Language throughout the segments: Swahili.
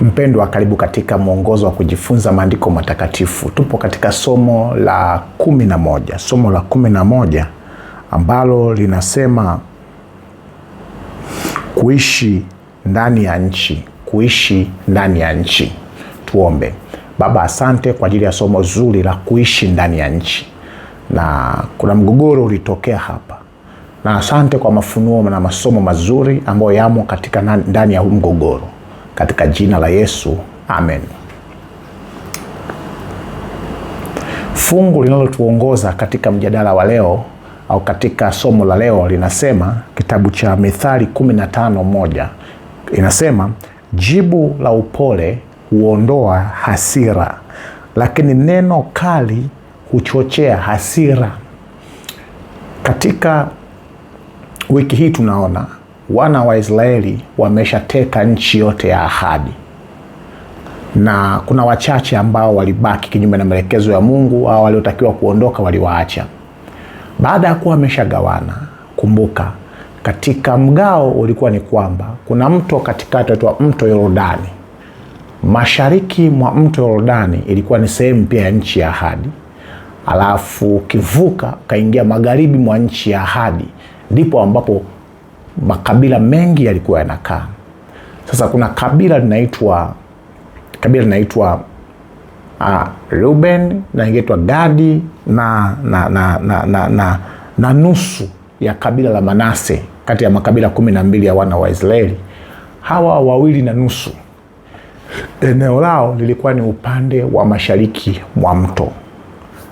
Mpendwa, karibu katika mwongozo wa kujifunza maandiko matakatifu. Tupo katika somo la kumi na moja, somo la kumi na moja ambalo linasema kuishi ndani ya nchi, kuishi ndani ya nchi. Tuombe. Baba, asante kwa ajili ya somo zuri la kuishi ndani ya nchi, na kuna mgogoro ulitokea hapa, na asante kwa mafunuo na masomo mazuri ambayo yamo katika ndani ya huu mgogoro katika jina la Yesu amen. Fungu linalotuongoza katika mjadala wa leo au katika somo la leo linasema kitabu cha Mithali 15:1 inasema, jibu la upole huondoa hasira, lakini neno kali huchochea hasira. Katika wiki hii tunaona wana wa Israeli wameshateka nchi yote ya ahadi, na kuna wachache ambao walibaki kinyume na maelekezo ya Mungu au waliotakiwa kuondoka waliwaacha baada ya kuwa wameshagawana. Kumbuka katika mgao ulikuwa ni kwamba kuna mto katikati aitwa mto Yordani. Mashariki mwa mto Yordani ilikuwa ni sehemu pia ya nchi ya ahadi, alafu ukivuka ukaingia magharibi mwa nchi ya ahadi ndipo ambapo makabila mengi yalikuwa yanakaa. Sasa kuna kabila linaitwa kabila linaitwa uh, ah, Ruben na ingeitwa Gadi na, na, na, na, na, na, na nusu ya kabila la Manase kati ya makabila kumi na mbili ya wana wa Israeli. Hawa wawili na nusu eneo lao lilikuwa ni upande wa mashariki mwa mto,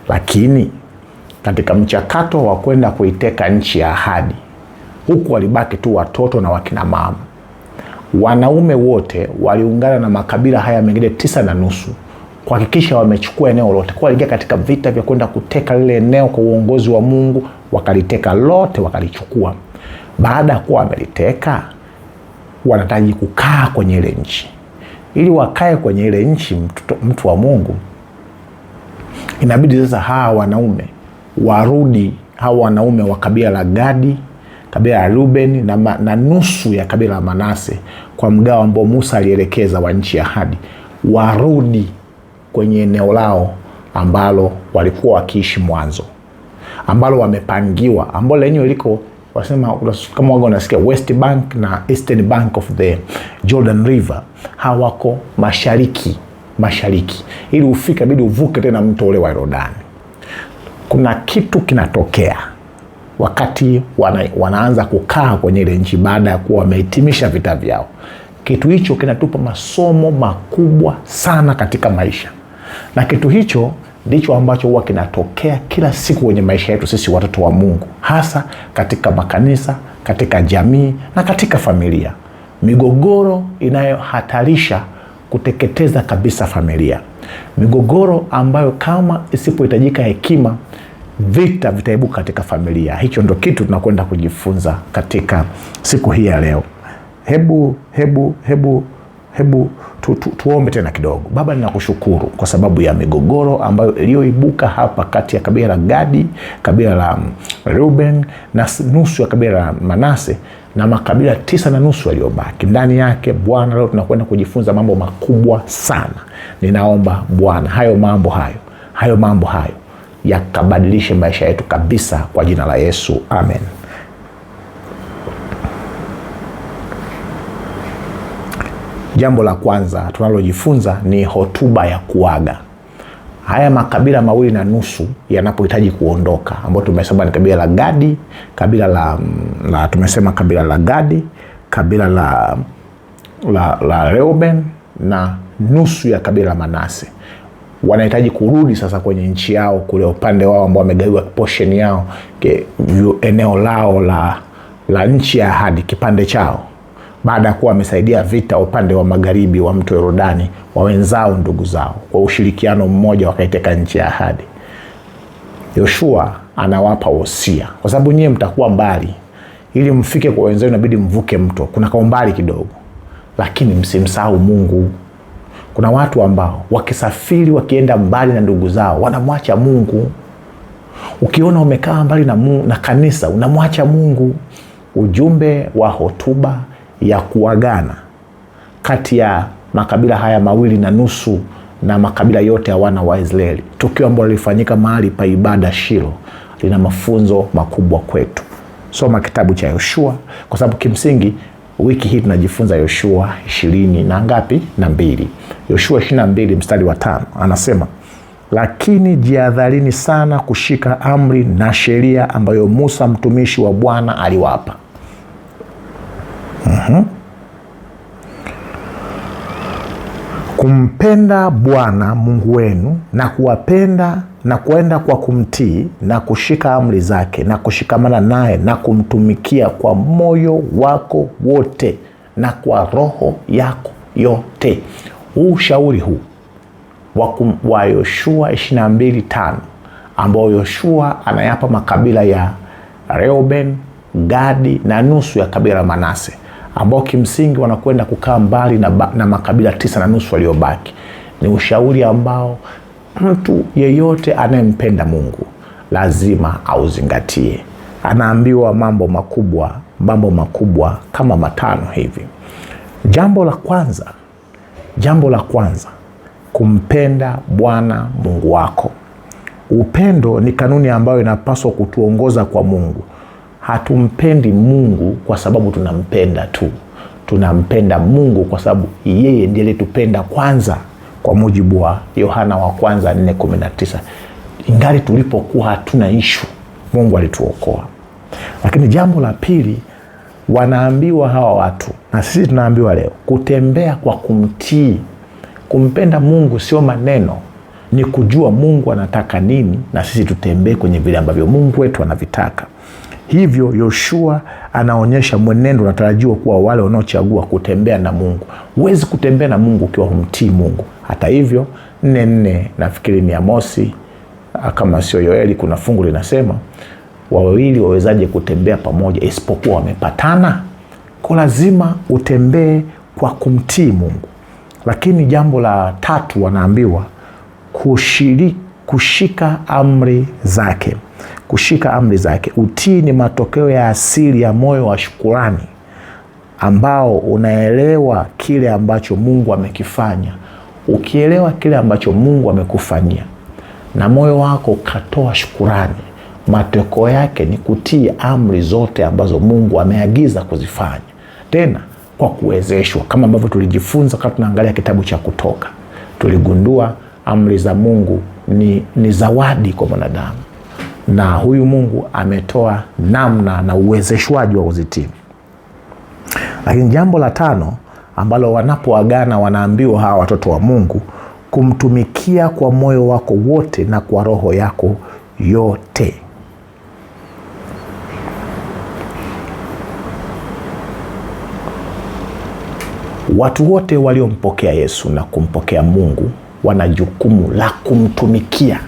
lakini katika mchakato wa kwenda kuiteka nchi ya ahadi huku walibaki tu watoto na wakina mama. Wanaume wote waliungana na makabila haya mengine tisa na nusu kuhakikisha wamechukua eneo lote, kwa waliingia katika vita vya kwenda kuteka lile eneo kwa uongozi wa Mungu, wakaliteka lote, wakalichukua. Baada ya kuwa wameliteka, wanataji kukaa kwenye ile nchi. Ili wakae kwenye ile nchi, mtu, mtu wa Mungu, inabidi sasa hawa wanaume warudi, hawa wanaume wa kabila la Gadi kabila la Ruben na, ma, na nusu ya kabila la Manase kwa mgao ambao Musa alielekeza wa nchi ya hadi warudi kwenye eneo lao ambalo walikuwa wakiishi mwanzo, ambalo wamepangiwa, ambao lenyewe liko wasema kama waga unasikia West Bank na Eastern Bank of the Jordan River, hawako mashariki mashariki. Ili ufike, bidi uvuke tena mto ule wa Yordani. Kuna kitu kinatokea wakati wana, wanaanza kukaa kwenye ile nchi baada ya kuwa wamehitimisha vita vyao. Kitu hicho kinatupa masomo makubwa sana katika maisha, na kitu hicho ndicho ambacho huwa kinatokea kila siku kwenye maisha yetu sisi watoto wa Mungu, hasa katika makanisa, katika jamii na katika familia. Migogoro inayohatarisha kuteketeza kabisa familia, migogoro ambayo kama isipohitajika hekima vita vitaibuka katika familia. Hicho ndo kitu tunakwenda kujifunza katika siku hii ya leo. Hebu hebu hebu hebu tu, tu, tuombe tena kidogo. Baba, ninakushukuru kwa sababu ya migogoro ambayo iliyoibuka hapa kati ya kabila la Gadi, kabila la mm, Reuben na nusu ya kabila la Manase na makabila tisa na nusu yaliyobaki ndani yake. Bwana, leo tunakwenda kujifunza mambo makubwa sana. Ninaomba Bwana, hayo mambo hayo hayo mambo hayo yakabadilishe maisha yetu kabisa kwa jina la Yesu, amen. Jambo la kwanza tunalojifunza ni hotuba ya kuaga. Haya makabila mawili na nusu yanapohitaji kuondoka, ambayo tumesema ni kabila la Gadi, kabila la, la tumesema kabila la Gadi, kabila la, la, la Reuben na nusu ya kabila la Manase wanahitaji kurudi sasa kwenye nchi yao kule upande wao ambao wamegawiwa poshen yao ke, eneo lao la, la nchi ya ahadi kipande chao baada ya kuwa wamesaidia vita upande wa magharibi wa mto Yordani wa wenzao ndugu zao, kwa ushirikiano mmoja wakaiteka nchi ya ahadi. Yoshua anawapa wosia, kwa sababu nyie mtakuwa mbali, ili mfike kwa wenzao inabidi mvuke mto, kuna kaumbali kidogo, lakini msimsahau Mungu. Kuna watu ambao wakisafiri wakienda mbali na ndugu zao wanamwacha Mungu. Ukiona umekaa mbali na, na kanisa unamwacha Mungu. Ujumbe wa hotuba ya kuagana kati ya makabila haya mawili na nusu na makabila yote ya wana wa Israeli, tukio ambalo lilifanyika mahali pa ibada Shilo, lina mafunzo makubwa kwetu. Soma kitabu cha Yoshua kwa sababu kimsingi Wiki hii tunajifunza Yoshua ishirini na ngapi na mbili, Yoshua ishirini na mbili mstari wa tano anasema lakini jiadharini sana kushika amri na sheria ambayo Musa mtumishi wa Bwana aliwapa. mm -hmm. Kumpenda Bwana Mungu wenu na kuwapenda na kuenda kwa kumtii na kushika amri zake na kushikamana naye na kumtumikia kwa moyo wako wote na kwa roho yako yote. Huu ushauri huu wa Yoshua 22:5 ambao Yoshua anayapa makabila ya Reuben, Gadi na nusu ya kabila la Manase ambao kimsingi wanakwenda kukaa mbali na, na makabila tisa na nusu waliobaki. Ni ushauri ambao mtu yeyote anayempenda Mungu lazima auzingatie. Anaambiwa mambo makubwa, mambo makubwa kama matano hivi. Jambo la kwanza, jambo la kwanza, kumpenda Bwana Mungu wako. Upendo ni kanuni ambayo inapaswa kutuongoza kwa Mungu. Hatumpendi Mungu kwa sababu tunampenda tu, tunampenda Mungu kwa sababu yeye ndiye alitupenda kwanza, kwa mujibu wa Yohana wa kwanza 4:19. Ingali tulipokuwa hatuna ishu, Mungu alituokoa. Lakini jambo la pili, wanaambiwa hawa watu na sisi tunaambiwa leo kutembea kwa kumtii. Kumpenda Mungu sio maneno, ni kujua Mungu anataka nini na sisi tutembee kwenye vile ambavyo Mungu wetu anavitaka. Hivyo Yoshua anaonyesha mwenendo unatarajiwa kuwa wale wanaochagua kutembea na Mungu. Huwezi kutembea na Mungu ukiwa humtii Mungu. Hata hivyo, nne nne nafikiri ni Amosi ah, kama sio Yoeli, kuna fungu linasema wawili wawezaje kutembea pamoja isipokuwa wamepatana? Kwa lazima utembee kwa kumtii Mungu. Lakini jambo la tatu, wanaambiwa kushika amri zake kushika amri zake. Utii ni matokeo ya asili ya moyo wa shukurani ambao unaelewa kile ambacho Mungu amekifanya. Ukielewa kile ambacho Mungu amekufanyia na moyo wako ukatoa shukurani, matokeo yake ni kutii amri zote ambazo Mungu ameagiza kuzifanya, tena kwa kuwezeshwa, kama ambavyo tulijifunza wakati tunaangalia kitabu cha Kutoka. Tuligundua amri za Mungu ni, ni zawadi kwa mwanadamu na huyu Mungu ametoa namna na uwezeshwaji wa kuzitii. Lakini jambo la tano ambalo wanapoagana wanaambiwa hawa watoto wa Mungu kumtumikia kwa moyo wako wote na kwa roho yako yote. Watu wote waliompokea Yesu na kumpokea Mungu wana jukumu la kumtumikia.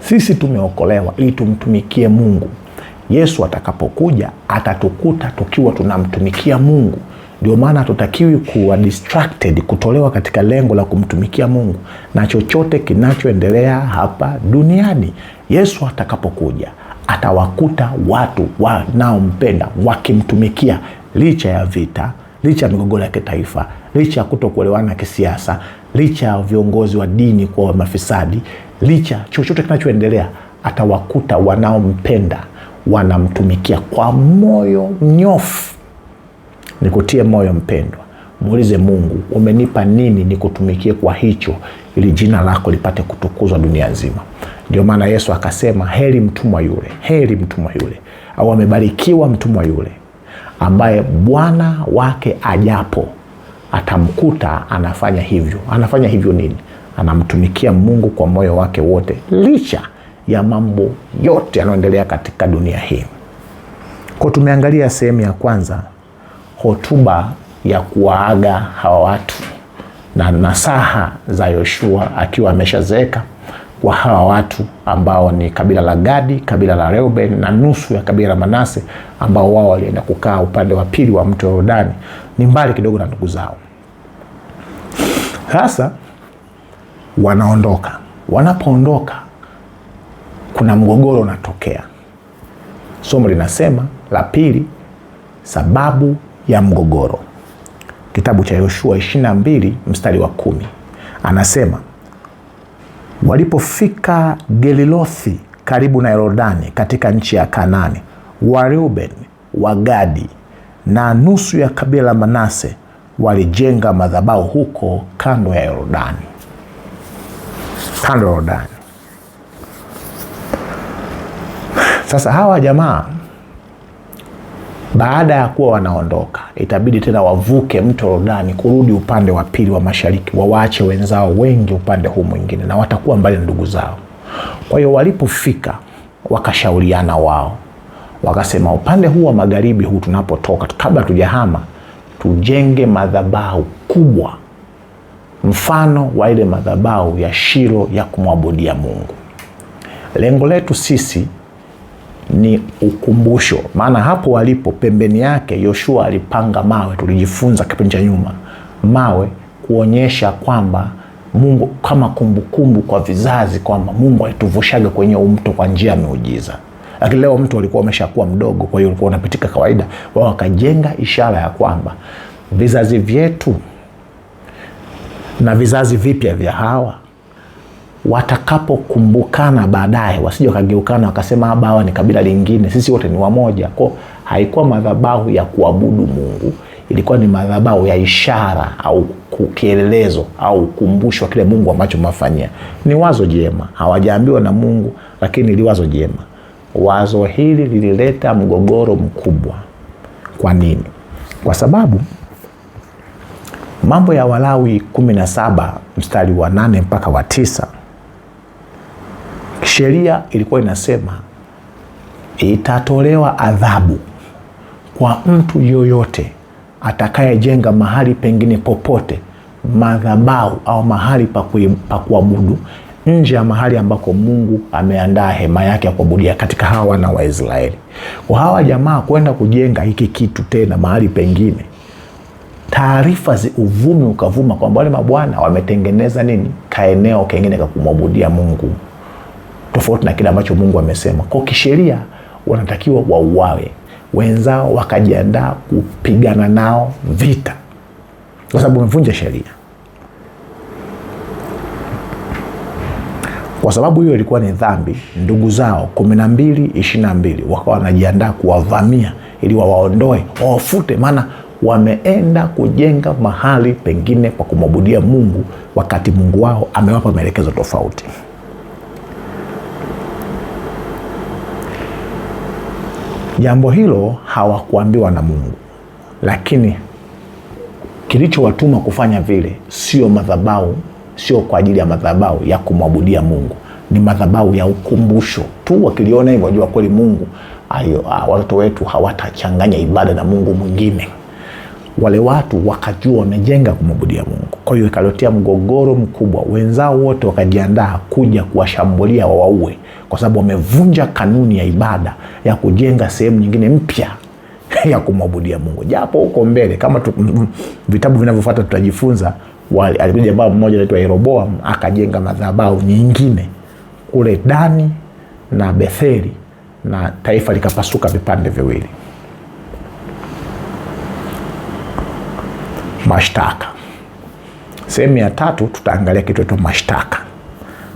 Sisi tumeokolewa ili tumtumikie Mungu. Yesu atakapokuja atatukuta tukiwa tunamtumikia Mungu. Ndio maana hatutakiwi kuwa distracted, kutolewa katika lengo la kumtumikia Mungu na chochote kinachoendelea hapa duniani. Yesu atakapokuja atawakuta watu wanaompenda wakimtumikia, licha ya vita, licha ya migogoro ya kitaifa, licha ya kutokuelewana kisiasa, licha ya viongozi wa dini kuwa mafisadi, licha chochote kinachoendelea, atawakuta wanaompenda wanamtumikia kwa moyo mnyofu. Nikutie moyo mpendwa, muulize Mungu, umenipa nini nikutumikie kwa hicho, ili jina lako lipate kutukuzwa dunia nzima. Ndio maana Yesu akasema, heri mtumwa yule, heri mtumwa yule, au amebarikiwa mtumwa yule ambaye bwana wake ajapo atamkuta anafanya hivyo. Anafanya hivyo nini? anamtumikia Mungu kwa moyo wake wote, licha ya mambo yote yanayoendelea katika dunia hii. Kwa tumeangalia sehemu ya kwanza, hotuba ya kuwaaga hawa watu na nasaha za Yoshua akiwa ameshazeeka kwa hawa watu ambao ni kabila la Gadi, kabila la Reuben na nusu ya kabila la Manase, ambao wao walienda kukaa upande wa pili wa mto Yordani, ni mbali kidogo na ndugu zao. Sasa wanaondoka. Wanapoondoka kuna mgogoro unatokea. Somo linasema la pili, sababu ya mgogoro, kitabu cha Yoshua 22 mstari wa kumi anasema walipofika Gelilothi karibu na Yordani katika nchi ya kanani Wareuben, Wagadi na nusu ya kabila la Manase walijenga madhabahu huko kando ya Yordani kando ya Yordani. Sasa hawa jamaa baada ya kuwa wanaondoka, itabidi tena wavuke mto Yordani kurudi upande wa pili wa mashariki, wawaache wenzao wengi upande huu mwingine, na watakuwa mbali na ndugu zao. Kwa hiyo walipofika, wakashauriana wao, wakasema upande huu wa magharibi huu tunapotoka, kabla tujahama, tujenge madhabahu kubwa mfano wa ile madhabahu ya Shilo ya kumwabudia Mungu. Lengo letu sisi ni ukumbusho, maana hapo walipo pembeni yake Yoshua alipanga mawe, tulijifunza kipindi cha nyuma, mawe kuonyesha kwamba Mungu kama kumbukumbu kwa vizazi kwamba Mungu alituvushaga kwenye umto kwa njia ya miujiza, lakini leo mtu alikuwa ameshakuwa mdogo, kwa hiyo ulikuwa unapitika kawaida. Wao wakajenga ishara ya kwamba vizazi vyetu na vizazi vipya vya hawa watakapokumbukana baadaye, wasije wakageukana wakasema haba, hawa ni kabila lingine, sisi wote ni wamoja. ko haikuwa madhabahu ya kuabudu Mungu, ilikuwa ni madhabahu ya ishara au kielelezo au ukumbushwa kile Mungu ambacho mafanyia. Ni wazo jema, hawajaambiwa na Mungu, lakini ni wazo jema. Wazo hili lilileta mgogoro mkubwa. Kwa nini? Kwa sababu Mambo ya Walawi 17 mstari wa nane mpaka wa tisa. Sheria ilikuwa inasema itatolewa adhabu kwa mtu yoyote atakayejenga mahali pengine popote madhabahu au mahali pa kuabudu nje ya mahali ambako Mungu ameandaa hema yake ya kuabudia katika hawa wana waisraeli Kwa hawa jamaa kwenda kujenga hiki kitu tena mahali pengine taarifa uvumi ukavuma kwamba wale mabwana wametengeneza nini kaeneo kengine kakumwabudia Mungu tofauti na kile ambacho Mungu amesema. Kwa kisheria wanatakiwa wauawe, wenzao wakajiandaa kupigana nao vita, kwa sababu wamevunja sheria. Kwa sababu hiyo ilikuwa ni dhambi, ndugu zao kumi na mbili ishiri na mbili wakawa wanajiandaa kuwavamia ili wawaondoe, wawafute, maana wameenda kujenga mahali pengine kwa kumwabudia Mungu wakati Mungu wao amewapa maelekezo tofauti. Jambo hilo hawakuambiwa na Mungu, lakini kilichowatuma kufanya vile sio madhabau sio kwa ajili ya madhabau ya kumwabudia Mungu, ni madhabau ya ukumbusho tu. Wakiliona hivyo, wajua kweli Mungu ayo, ah, watoto wetu hawatachanganya ibada na Mungu mwingine wale watu wakajua wamejenga kumwabudia Mungu. Kwa hiyo ikaletea mgogoro mkubwa, wenzao wote wakajiandaa kuja kuwashambulia wawaue, kwa sababu wamevunja kanuni ya ibada ya kujenga sehemu nyingine mpya ya kumwabudia Mungu. Japo huko mbele kama tu, vitabu vinavyofuata tutajifunza, alikuja baba mmoja naitwa Yeroboam akajenga madhabau nyingine kule Dani na Betheli na taifa likapasuka vipande viwili. mashtaka. Sehemu ya tatu tutaangalia kitu cha mashtaka,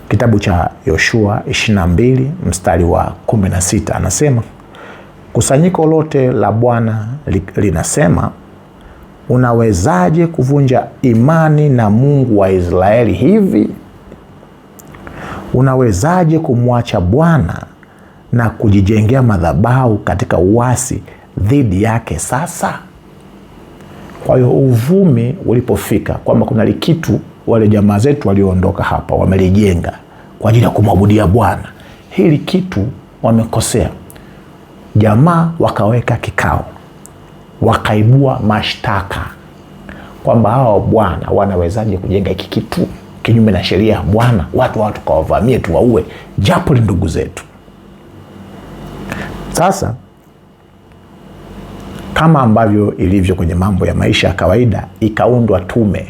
kitabu cha Yoshua 22 mstari wa 16, anasema kusanyiko lote la Bwana linasema unawezaje kuvunja imani na Mungu wa Israeli hivi? Unawezaje kumwacha Bwana na kujijengea madhabahu katika uasi dhidi yake sasa? Kwa hiyo uvumi ulipofika kwamba kuna kitu wale jamaa zetu walioondoka hapa wamelijenga kwa ajili ya kumwabudia Bwana, hili kitu wamekosea. Jamaa wakaweka kikao, wakaibua mashtaka kwamba hawa bwana wanawezaje kujenga hiki kitu kinyume na sheria ya Bwana, watu wao tukawavamie tuwaue, japo ni ndugu zetu. Sasa kama ambavyo ilivyo kwenye mambo ya maisha ya kawaida, ikaundwa tume,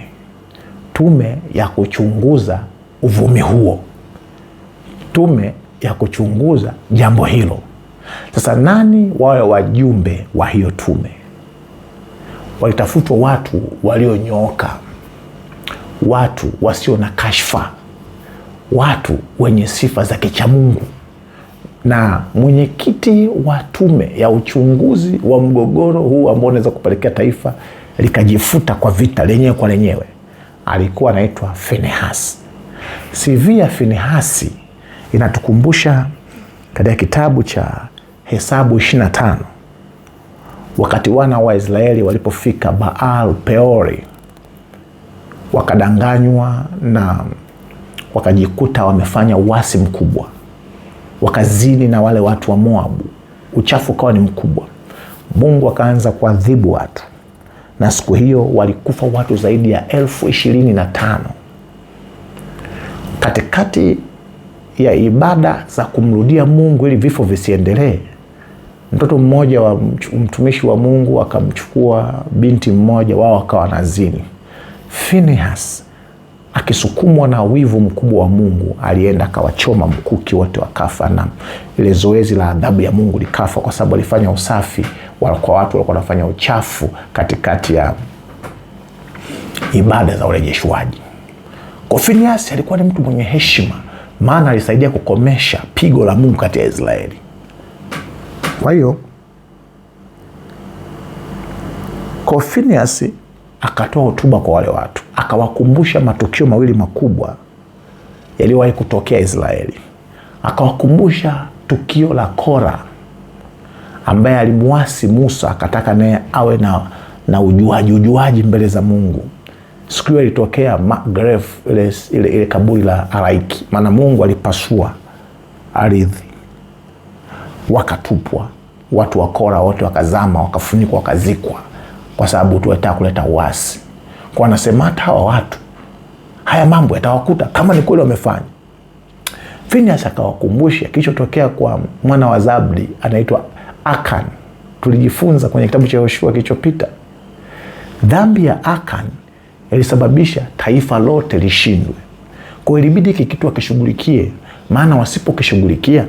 tume ya kuchunguza uvumi huo, tume ya kuchunguza jambo hilo. Sasa nani wawe wajumbe wa hiyo tume? Walitafutwa watu walionyooka, watu wasio na kashfa, watu wenye sifa za kichamungu na mwenyekiti wa tume ya uchunguzi wa mgogoro huu ambao unaweza kupelekea taifa likajifuta kwa vita lenyewe kwa lenyewe alikuwa anaitwa Finehasi. CV ya Finehasi inatukumbusha katika kitabu cha Hesabu 25 wakati wana wa Israeli walipofika Baal Peori wakadanganywa na wakajikuta wamefanya uasi mkubwa wakazini na wale watu wa Moabu, uchafu ukawa ni mkubwa. Mungu akaanza kuadhibu watu, na siku hiyo walikufa watu zaidi ya elfu ishirini na tano katikati ya ibada za kumrudia Mungu ili vifo visiendelee. Mtoto mmoja wa mtumishi wa Mungu akamchukua binti mmoja, wao wakawa nazini. Finehas akisukumwa na wivu mkubwa wa Mungu alienda akawachoma mkuki wote wakafa, na ile zoezi la adhabu ya Mungu likafa, kwa sababu alifanya usafi kwa watu walikuwa wanafanya uchafu katikati ya ibada za urejeshwaji. Kwa alikuwa ni mtu mwenye heshima, maana alisaidia kukomesha pigo la Mungu kati ya Israeli. Kwa hiyo Kofiniasi akatoa hotuba kwa wale watu, akawakumbusha matukio mawili makubwa yaliyowahi kutokea Israeli. Akawakumbusha tukio la Kora ambaye alimuwasi Musa, akataka naye awe na, na ujuaji ujuaji mbele za Mungu. Siku hiyo ilitokea magrave ile, ile, ile kaburi la araiki, maana Mungu alipasua ardhi, wakatupwa watu wa Kora wote, wakazama, wakafunikwa, wakazikwa kwa sababu tu wataka kuleta uasi. Kwa anasema hata hawa watu haya mambo yatawakuta kama ni kweli wamefanya. Finehasi akawakumbusha kilichotokea kwa mwana wa Zabdi anaitwa Akan. Tulijifunza kwenye kitabu cha Yoshua kilichopita, dhambi ya Akan ilisababisha taifa lote lishindwe. Kwa ilibidi hiki kitu akishughulikie, maana wasipokishughulikia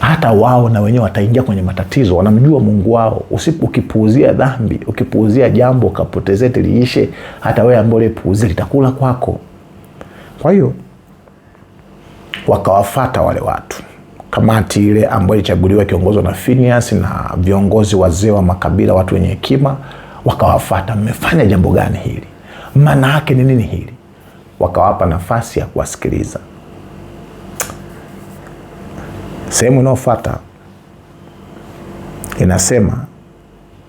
hata wao na wenyewe wataingia kwenye matatizo. Wanamjua Mungu wao. ukipuuzia dhambi, ukipuuzia jambo ukapotezea liishe, hata wee ambao ulipuuzia litakula kwako. Kwa hiyo wakawafata wale watu, kamati ile ambayo ilichaguliwa ikiongozwa na Phineas na viongozi wazee wa makabila, watu wenye hekima, wakawafata, mmefanya jambo gani hili? Maana yake ni nini hili? Wakawapa nafasi ya kuwasikiliza. Sehemu inayofuata inasema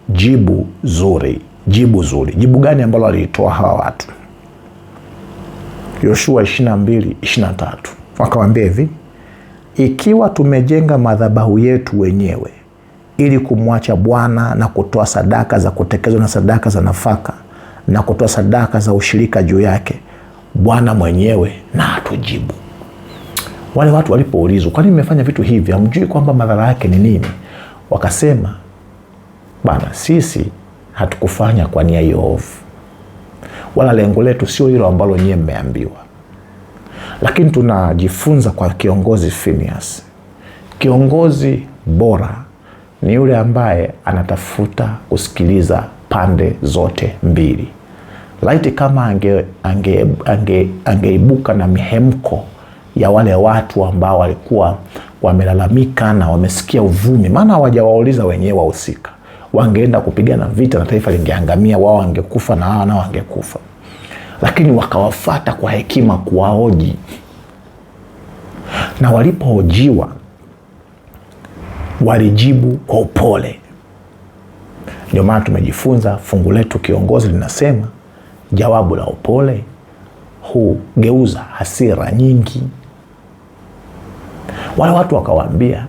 jibu zuri, jibu zuri. Jibu gani ambalo walitoa hawa watu? Yoshua 22 23, wakawaambia hivi, ikiwa tumejenga madhabahu yetu wenyewe ili kumwacha Bwana na kutoa sadaka za kutekezwa na sadaka za nafaka na kutoa sadaka za ushirika juu yake, Bwana mwenyewe na atujibu. Wale watu walipoulizwa, kwa nini mmefanya vitu hivi, hamjui kwamba madhara yake ni nini? Wakasema, bana, sisi hatukufanya kwa nia hiyo ovu, wala lengo letu sio hilo ambalo nyie mmeambiwa. Lakini tunajifunza kwa kiongozi finias kiongozi bora ni yule ambaye anatafuta kusikiliza pande zote mbili. Laiti kama angeibuka ange, ange, ange na mihemko ya wale watu ambao walikuwa wamelalamika na wamesikia uvumi, maana hawajawauliza wenyewe wahusika. Wangeenda kupigana vita na taifa lingeangamia, wao wangekufa na hawa nao wangekufa, lakini wakawafata kwa hekima kuwaoji na walipohojiwa walijibu kwa upole. Ndio maana tumejifunza fungu letu kiongozi linasema, jawabu la upole hugeuza hasira nyingi. Wale watu wakawaambia,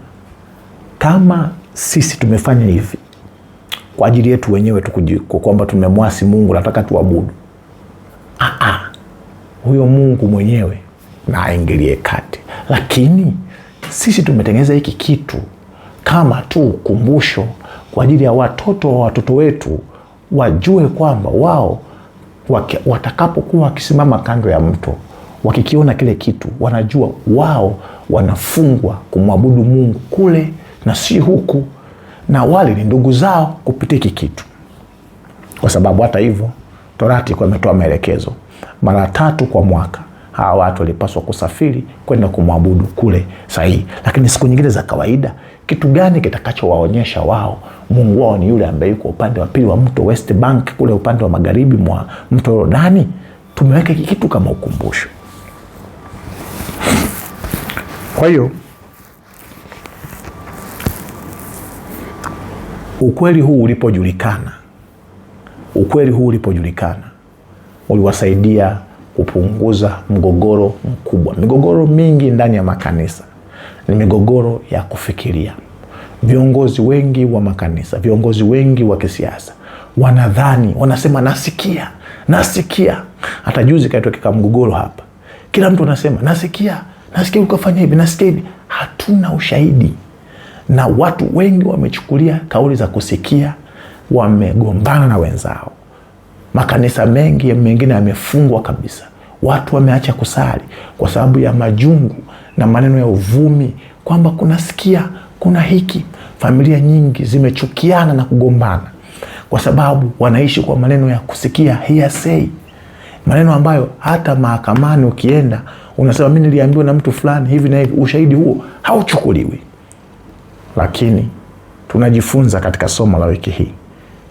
kama sisi tumefanya hivi kwa ajili yetu wenyewe tu, kwamba tumemwasi Mungu, nataka tuabudu, ah, ah. huyo Mungu mwenyewe na aingilie kati, lakini sisi tumetengeneza hiki kitu kama tu ukumbusho kwa ajili ya watoto wa watoto wetu wajue kwamba wao watakapokuwa wakisimama kando ya mto wakikiona kile kitu wanajua wao wanafungwa kumwabudu Mungu kule na si huku, na wale ni ndugu zao kupitia hiki kitu, kwa sababu hata hivyo Torati kuwa imetoa maelekezo mara tatu kwa mwaka hawa watu walipaswa kusafiri kwenda kumwabudu kule sahihi. Lakini siku nyingine za kawaida, kitu gani kitakachowaonyesha wao Mungu wao ni yule ambaye yuko upande wa pili wa mto West Bank, kule upande wa magharibi mwa mto Yordani? Tumeweka kitu kama ukumbusho. Kwa hiyo ukweli huu ulipojulikana, ukweli huu ulipojulikana uliwasaidia kupunguza mgogoro mkubwa. Migogoro mingi ndani ya makanisa ni migogoro ya kufikiria. Viongozi wengi wa makanisa, viongozi wengi wa kisiasa wanadhani, wanasema nasikia, nasikia. Hata juzi kaitokeka mgogoro hapa, kila mtu anasema nasikia nasikia ukafanya hivi, nasikia hivi. Hatuna ushahidi, na watu wengi wamechukulia kauli za kusikia, wamegombana na wenzao. Makanisa mengi mengine yamefungwa kabisa, watu wameacha kusali kwa sababu ya majungu na maneno ya uvumi kwamba kunasikia kuna hiki. Familia nyingi zimechukiana na kugombana kwa sababu wanaishi kwa maneno ya kusikia hearsay maneno ambayo hata mahakamani ukienda unasema mi niliambiwa na mtu fulani hivi na hivi, ushahidi huo hauchukuliwi. Lakini tunajifunza katika somo la wiki hii,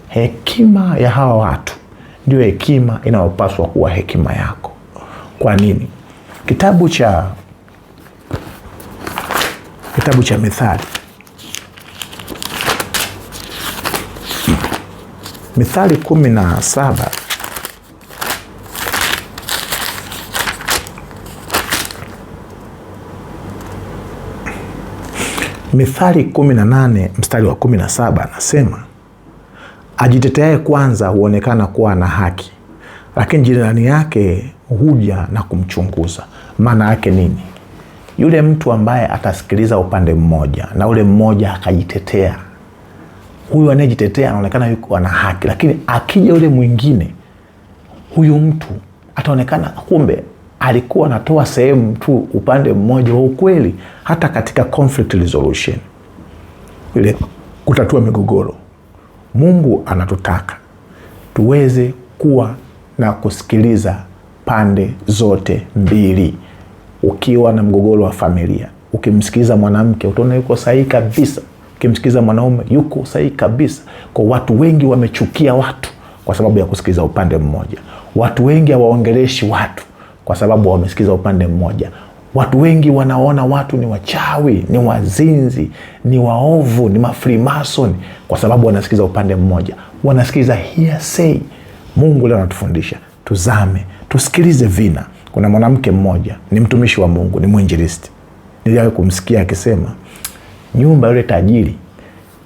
hekima ya hawa watu ndio hekima inayopaswa kuwa hekima yako. Kwa nini? Kitabu cha kitabu cha Mithali, Mithali kumi na saba Mithali 18 mstari wa 17 anasema, ajiteteae kwanza huonekana kuwa na haki, lakini jirani yake huja na kumchunguza. Maana yake nini? Yule mtu ambaye atasikiliza upande mmoja na ule mmoja akajitetea, huyu anayejitetea anaonekana yuko ana haki, lakini akija yule mwingine, huyu mtu ataonekana kumbe alikuwa anatoa sehemu tu upande mmoja wa ukweli, hata katika conflict resolution, ile kutatua migogoro. Mungu anatutaka tuweze kuwa na kusikiliza pande zote mbili. Ukiwa na mgogoro wa familia, ukimsikiliza mwanamke utaona yuko sahihi kabisa, ukimsikiliza mwanaume yuko sahihi kabisa. Kwa watu wengi wamechukia watu kwa sababu ya kusikiliza upande mmoja. Watu wengi hawaongeleshi watu kwa sababu wamesikiza upande mmoja. Watu wengi wanaona watu ni wachawi, ni wazinzi, ni waovu, ni mafrimason kwa sababu wanasikiza upande mmoja, wanasikiza hearsay. Mungu leo anatufundisha tuzame, tusikilize vina. Kuna mwanamke mmoja, ni mtumishi wa Mungu, ni mwinjilisti, niliwahi kumsikia akisema nyumba yule tajiri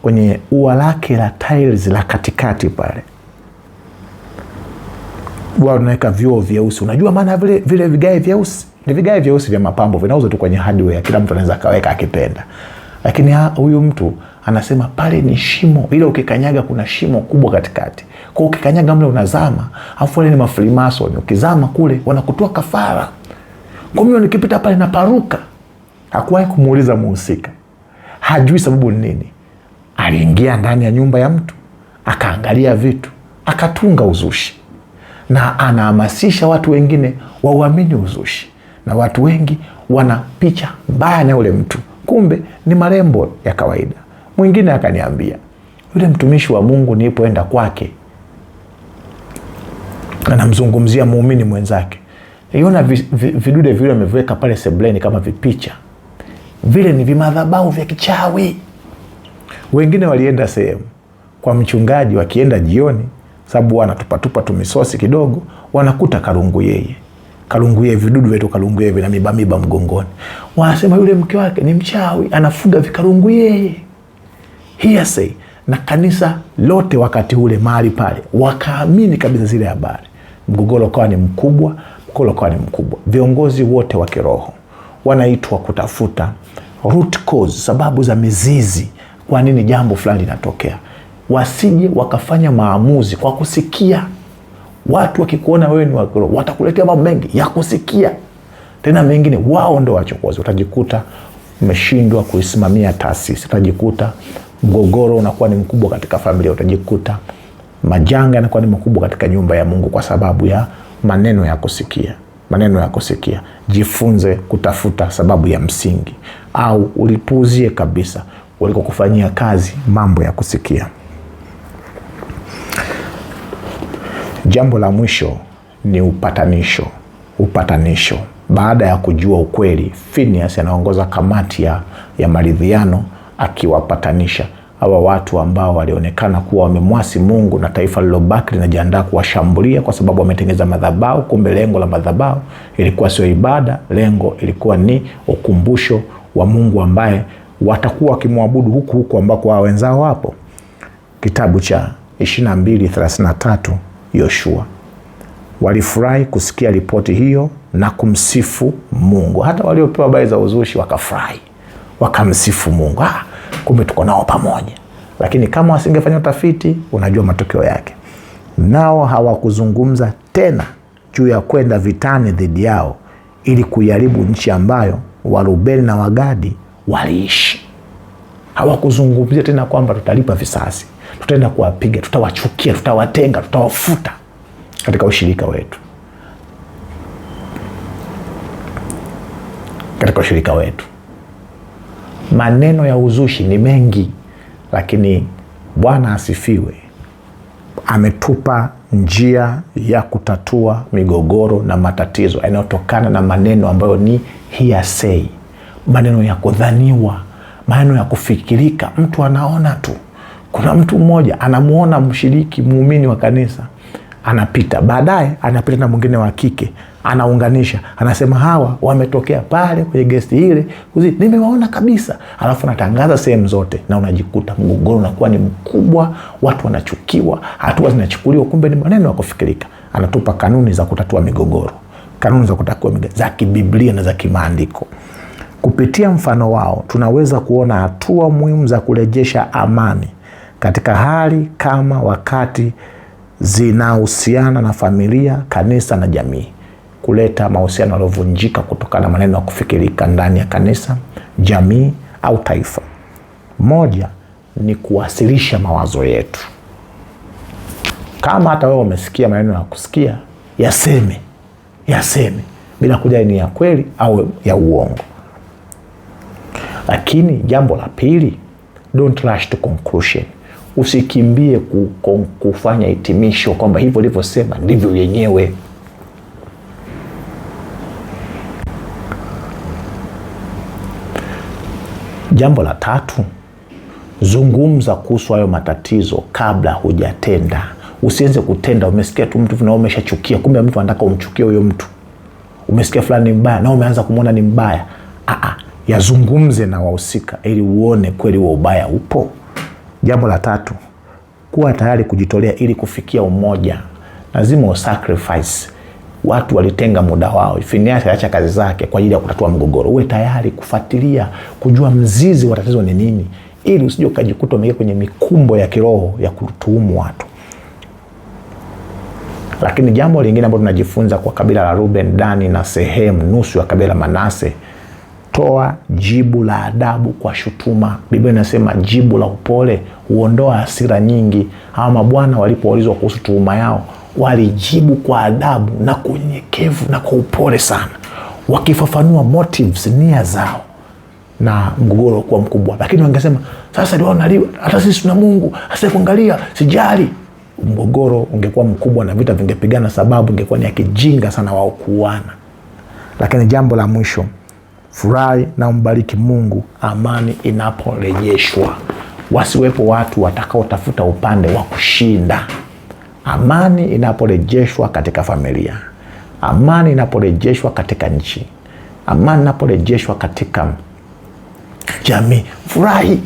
kwenye ua lake la tiles la katikati pale huwa tunaweka vioo vyeusi. Unajua maana vile vile vigae vyeusi ni vigae vyeusi vya mapambo, vinauza tu kwenye hardware, kila mtu anaweza akaweka akipenda. Lakini huyu mtu anasema pale ni shimo, ile ukikanyaga kuna shimo kubwa katikati, kwa ukikanyaga mle unazama. Afu wale ni mafrimason ukizama kule wanakutoa kafara. Kwa hiyo nikipita pale na paruka. Hakuwahi kumuuliza muhusika, hajui sababu ni nini. Aliingia ndani ya nyumba ya mtu akaangalia vitu akatunga uzushi na anahamasisha watu wengine wauamini uzushi, na watu wengi wana picha mbaya na yule mtu, kumbe ni marembo ya kawaida. Mwingine akaniambia yule mtumishi wa Mungu nilipoenda kwake, anamzungumzia muumini mwenzake, niliona vidude vile ameviweka pale sebleni kama vipicha vile, ni vimadhabau vya kichawi. Wengine walienda sehemu kwa mchungaji, wakienda jioni sababu wanatupatupa tumisosi kidogo, wanakuta karungu yeye vidudu vyetu yeye vina mibamiba mgongoni, wanasema yule mke wake ni mchawi, anafuga yeye hearsay. Na kanisa lote wakati ule mahali pale wakaamini kabisa zile habari, mgogoro ukawa ni mkubwa, mgogoro ukawa ni mkubwa. Viongozi wote wa kiroho wanaitwa kutafuta root cause, sababu za mizizi, kwa nini jambo fulani linatokea wasije wakafanya maamuzi kwa kusikia. Watu wakikuona wewe ni wa kiroho watakuletea mambo mengi ya kusikia, tena mengine wao ndo wachokozi. Utajikuta umeshindwa kuisimamia taasisi, utajikuta mgogoro unakuwa ni mkubwa katika familia, utajikuta majanga yanakuwa ni makubwa katika nyumba ya Mungu kwa sababu ya maneno ya kusikia. Maneno ya kusikia. Jifunze kutafuta sababu ya msingi, au ulipuuzie kabisa walikokufanyia kazi mambo ya kusikia. Jambo la mwisho ni upatanisho. Upatanisho, baada ya kujua ukweli, Phineas anaongoza kamati ya, ya maridhiano akiwapatanisha hawa watu ambao walionekana kuwa wamemwasi Mungu na taifa lilobaki linajiandaa kuwashambulia kwa sababu wametengeneza madhabahu. Kumbe lengo la madhabahu ilikuwa sio ibada, lengo ilikuwa ni ukumbusho wa Mungu ambaye watakuwa wakimwabudu huku huku ambako wao wenzao wapo. Kitabu cha 22:33 Yoshua. Walifurahi kusikia ripoti hiyo na kumsifu Mungu. Hata waliopewa habari za uzushi wakafurahi, wakamsifu Mungu. Ah, kumbe tuko nao pamoja. Lakini kama wasingefanya utafiti, unajua matokeo yake. Nao hawakuzungumza tena juu ya kwenda vitani dhidi yao ili kuiharibu nchi ambayo Warubeni na Wagadi waliishi. Hawakuzungumzia tena kwamba tutalipa visasi tutaenda kuwapiga, tutawachukia, tutawatenga, tutawafuta katika ushirika wetu, katika ushirika wetu. Maneno ya uzushi ni mengi, lakini Bwana asifiwe, ametupa njia ya kutatua migogoro na matatizo yanayotokana na maneno ambayo ni hearsay, maneno ya kudhaniwa, maneno ya kufikirika, mtu anaona tu kuna mtu mmoja anamuona mshiriki muumini wa kanisa anapita, baadaye anapita na mwingine wa kike, anaunganisha, anasema hawa wametokea pale kwenye gesti ile, nimewaona kabisa. Alafu anatangaza sehemu zote, na unajikuta mgogoro unakuwa ni mkubwa, watu wanachukiwa, hatua zinachukuliwa, kumbe ni maneno ya kufikirika. Anatupa kanuni za kutatua migogoro, kanuni za kutatua migogoro za kibiblia na za kimaandiko. Kupitia mfano wao tunaweza kuona hatua muhimu za kurejesha amani katika hali kama wakati zinahusiana na familia, kanisa na jamii, kuleta mahusiano yaliyovunjika kutokana na maneno ya kufikirika ndani ya kanisa, jamii au taifa. Moja ni kuwasilisha mawazo yetu. Kama hata wewe umesikia maneno ya kusikia, yaseme yaseme bila kujali ni ya kweli au ya uongo. Lakini jambo la pili, don't rush to conclusion usikimbie kufanya hitimisho kwamba hivyo ulivyosema ndivyo yenyewe. Jambo la tatu, zungumza kuhusu hayo matatizo kabla hujatenda. Usianze kutenda, umesikia tu mtu na umeshachukia, kumbe mtu anataka umchukie huyo mtu. Umesikia fulani ni mbaya na umeanza kumwona ni mbaya. Aa, yazungumze na wahusika ili uone kweli wa ubaya upo. Jambo la tatu, kuwa tayari kujitolea ili kufikia umoja. Lazima usacrifice. Watu walitenga muda wao. Finehasi aliacha kazi zake kwa ajili ya kutatua mgogoro. Uwe tayari kufuatilia, kujua mzizi wa tatizo ni nini, ili usije ukajikuta umeingia kwenye mikumbo ya kiroho ya kutuhumu watu. Lakini jambo lingine ambalo tunajifunza kwa kabila la Ruben, Dani na sehemu nusu ya kabila la Manase kutoa jibu la adabu kwa shutuma. Biblia inasema jibu la upole huondoa hasira nyingi. Hawa mabwana walipoulizwa kuhusu tuhuma yao, walijibu kwa adabu na kwa unyenyekevu na kwa upole sana, wakifafanua motives, nia zao na mgogoro kuwa mkubwa. Lakini wangesema sasa ndio wanaliwa, hata sisi tuna Mungu, hasa kuangalia, sijali, mgogoro ungekuwa mkubwa na vita vingepigana, sababu ingekuwa ni ya kijinga sana wao kuuana. Lakini jambo la mwisho furahi na umbariki Mungu amani inaporejeshwa. Wasiwepo watu watakaotafuta upande wa kushinda. Amani inaporejeshwa katika familia, amani inaporejeshwa katika nchi, amani inaporejeshwa katika jamii, furahi.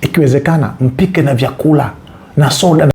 Ikiwezekana mpike na vyakula na soda na